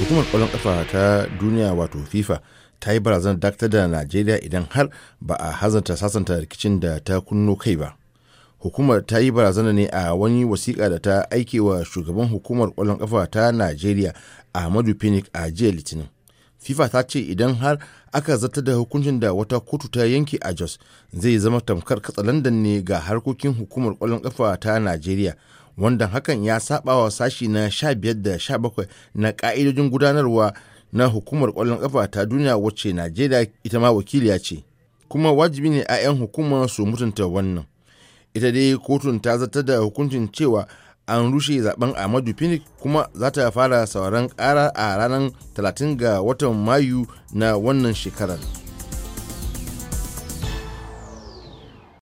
hukumar kwallon kafa ta duniya wato fifa ta yi barazan dakta da najeriya idan har ba a hazanta sasanta rikicin da ta kunno kai ba hukumar ta yi barazana ne a wani wasiƙa da ta aike wa shugaban hukumar kwallon kafa ta najeriya ahmadu phoenix a jiya litinin fifa ta ce idan har aka zata da hukuncin da wata kotu ta yanke a jos zai zama tamkar katsalandan ne ga harkokin hukumar kwallon kafa ta najeriya wanda hakan ya saba wa sashi na 15 da 17 na ka'idojin gudanarwa na hukumar kwallon kafa ta duniya wacce najeriya ita ma wakiliya ce kuma wajibi ne a 'yan hukumar su mutunta wannan ita dai kotun ta zata da hukuncin cewa an rushe zaben amadu finik kuma za ta fara sauran kara a ranar 30 ga watan mayu na wannan shekarar.